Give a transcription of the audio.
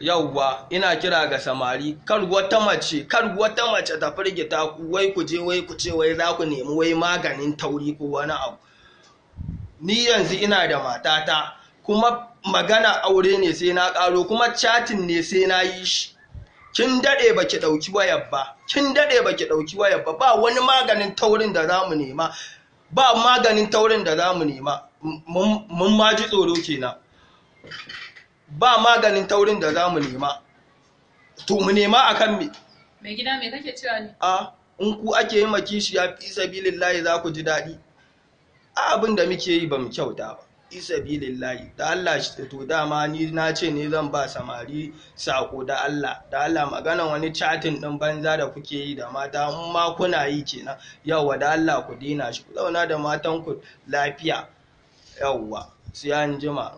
yauwa ina kira ga samari kar wata mace kar wata mace ta firgita ku wai ku je wai ku ce wai za ku nemi wai maganin tauri ko wani abu ni yanzu ina da matata kuma magana aure ne sai na karo kuma chatin ne sai na yi shi kin dade baki dauki wayar ba kin dade baki dauki wayar ba ba wani maganin taurin da zamu nema ba maganin taurin da zamu nema mun ma ji tsoro kenan ba maganin taurin da za mu nema to mu nema a kan me mai gida mai kake cewa ne a in ku ake yi shi ya fi sabilin layi za ku ji daɗi a abin da muke yi ba mu kyauta ba bilin layi da Allah shi to dama ni na ce ne zan ba samari sako da Allah da Allah magana wani chatin din banza da kuke yi da mata ma kuna yi kenan yawa da Allah ku dina shi ku zauna da matan ku lafiya yawa sai an jima